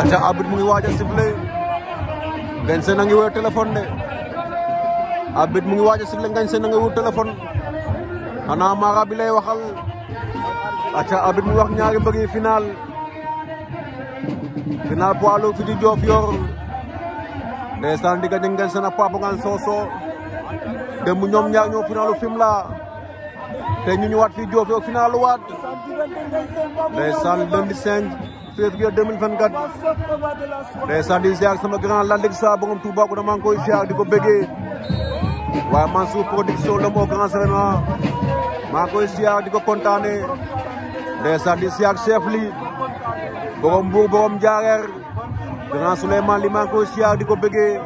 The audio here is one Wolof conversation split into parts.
aca abit mu ngi waaj a sifflé wajah telepon a ngi wër téléphone de arbitre mu ngi waaj a sifflé Ngagne wakal. a ngi wër téléphone xanaa aca final final poids lourd fi ci Desa di diggante Ngagne Sène ak Pape Ngagne Sossokh démb ñoom ñaar wat finalu Fimela te ñu ñëwaat fii finalu wat. ndeysaan lundi 5 Desa 2024 di ziar sama grand Landing Sarr borom Touba ko dama ziar di ko bëggee Mansour production le moo grand Sénégal maa koy ziar di ko kontaane ndeysaan di ziar chef li borom Mbour borom Njaareer grand Souleymane li koy ziar di ko bëggee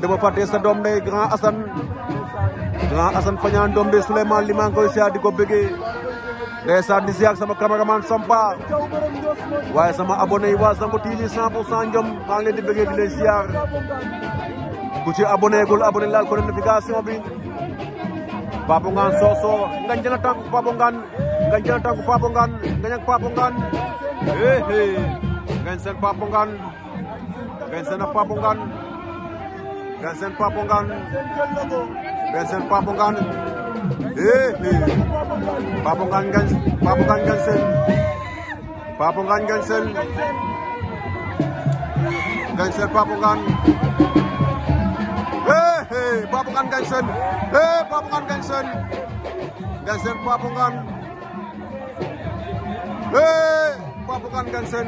dama fàtte sa doom ndey grand Assane grand Assane Fagnane doom bi li koy ziar di ko ndeysaan di ziar sama cameraman Sampa waaye sama abonné yi waa Zambro TV 100 pour cent Njom maa ngi leen di bëggee di leen ziar ku ci abonné gul abonné laal ko notification bi Papo Ngane Sossokh ngañ jël tànku Papo Ngane ngañ jël tànku Papo Ngane ngañ ak Papo Ngane eh ngañ eh. seen Papo ngañ seen ak Papo ngañ seen Papo ngañ seen Papo Papungan gan Papungan Gansel. Papungan Gansel. Gansel Papungan. Hey, hey, Papungan Gansel. Hey, Papungan Gansel. Gansel Papungan. Hey, Papungan Gansel.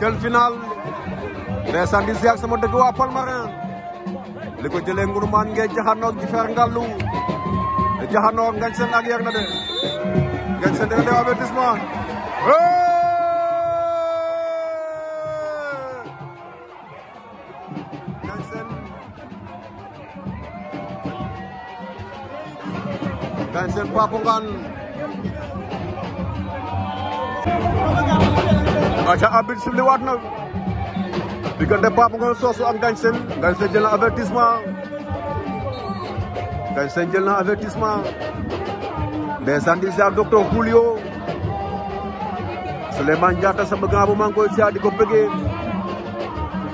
Quelle finale. Les Sandisiak sama apal marang. li ko jëlee Ngouroumbane Nguéthie Diakhanok Djifer Ngallou Diakhanok Ngagne Sène ak yar na de Ngagne Sène dina def avertissement Ngagne Sène Ngagne Sène Papo Ngane aca arbitre sifle waat na diggante Pape Ngor Soosu ak Ngagne Sène Ngagne Sène jël na avertissement Ngagne Sène jël na avertissement di ziar docteur Julio Souleymane Diatta sama grand bu maa ngi koy ziar di ko bëggee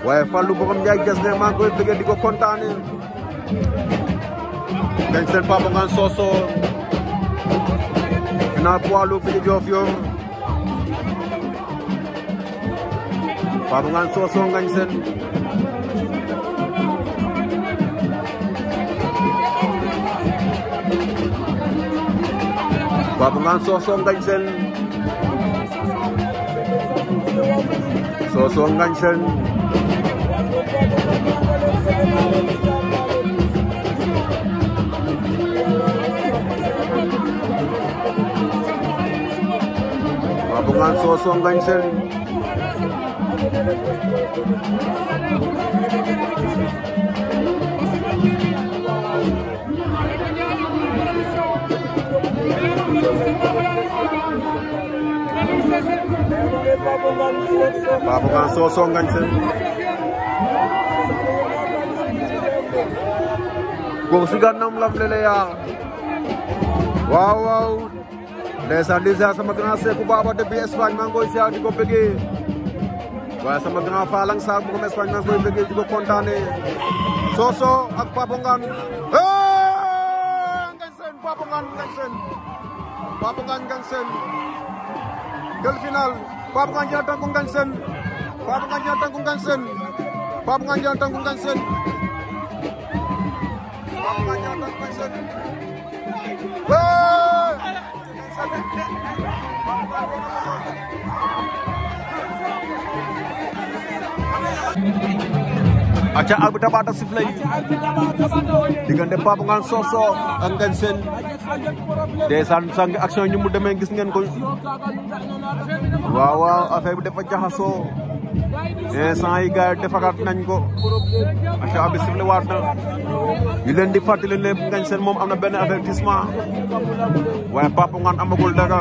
waaye Fallou borom Ndiaye ges ne maa ngi koy bëggee di ko kontaane Ngagne Sène Pape Ngor Soosu final poids lourd di Fatou Ngagne Sossokh Ngagne Sène Fatou Ngagne Sossokh Ngagne Sène Sossokh Ngagne Sène Fatou Ngagne Sossokh Ngagne Sène बाबू का सो सौ से गोसी का नाम लग ले वाह वाह समझना से बाबा डिपी एस वाइन मांगो इसे आगे को waaye sama grand fa lang sa bu ko Espagne maa ngi koy bëggee di Soso ak Papa Ngane Ngagne sen Papa Ngane Ngagne Sène Papa Ngane Ngagne Sène quel final Papa Ngane jël tànku Ngagne Sène Papa Ngane jël tànku Ngagne Sène Papa Ngane jël tànku Ngagne Sène Papa Ngane jël tànku Ngagne Sène aca arbitre ba ta sifflé diggante Pape Ngane Sokh ak Ngagne Sène mu demee gis ngeen ko waaw waaw affaire bi dafa jaxasoo instant yi gars yi defaraat nañ ko aca abi sifflé na ñu leen di fàttali ne Ngagne Sène moom am na benn avertissement waaye Pape amagul dara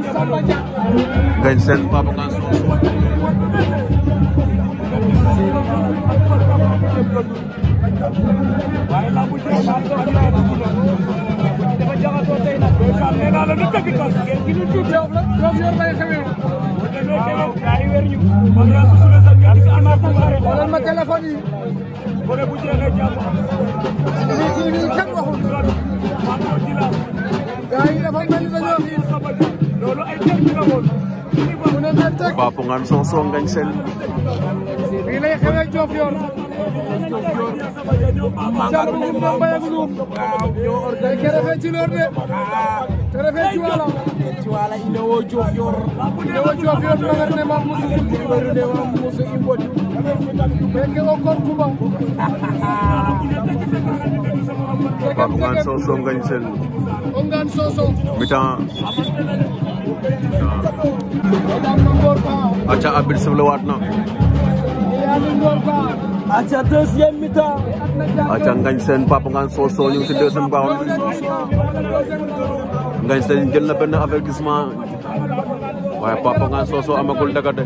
gañ seen Papa Kan Soosu ma téléphone yi bone bu jeexee jàmm ci ni kenn waxul gaay dafa mel ni dañoo Papongaan Sossokh Ngagne Sène fii lay xewee Diofior Thiatou Loum moom Mbaye Loum day ke refe ci lor de te refe ci wala ci wala i ndewo Diofior ndewo Diofior magar ne mam musu kutu ndewo musu i mboju meke o kor kuba Pape Ngane Sossokh Ngagne Sène mi-temps ah. aca abir sifle waat na aca deuxième mi aca Ngagne Sène Pape Ngane Sossokh ñu ngi ci deuxième baaxoon Ngagne Sène jël na benn avertissement waaye Pape Ngane Sossokh amagul ndaka de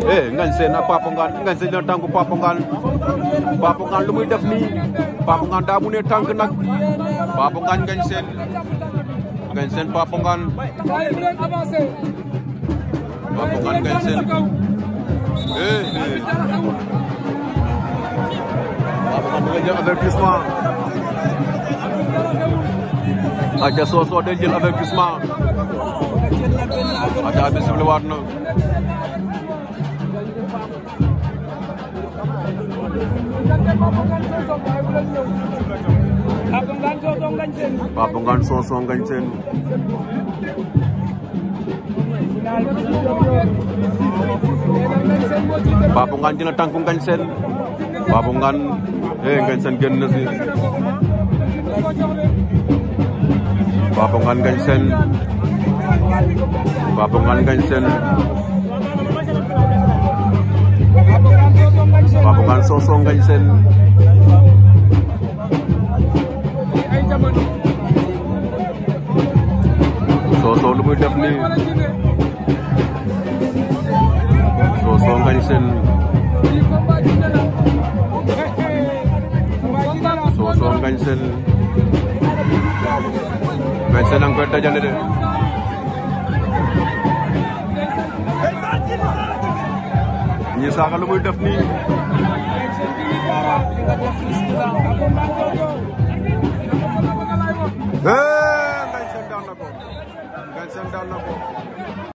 eh Ngagne Sène ak Papa Ngane Ngagne Sène na tànku Papa Ngane lu muy def nii Papa Ngane daa mu ne tànk nag Papa Ngane Ngagne Sène Ngagne Sène Papa Ngane Papa Ngane Ngagne Sène eh, eh Papa Ngane nga jël avertissement aca soo soo del jël avertissement aca bisimilawaat na Papa Ngane Sossokh Ngagne Sène Papa Ngane dina tànku Ngagne Sène Papa Ngane eh Ngagne Sène génn na si Papa Ngane Sossokh Ngagne Sène Sossokh lu muy def nii Sossokh Ngagne Sène Sossokh Ngagne Sène Ngagne Sène a ngi koy Aji Sanga lu muy def nii Ngagne Sène daan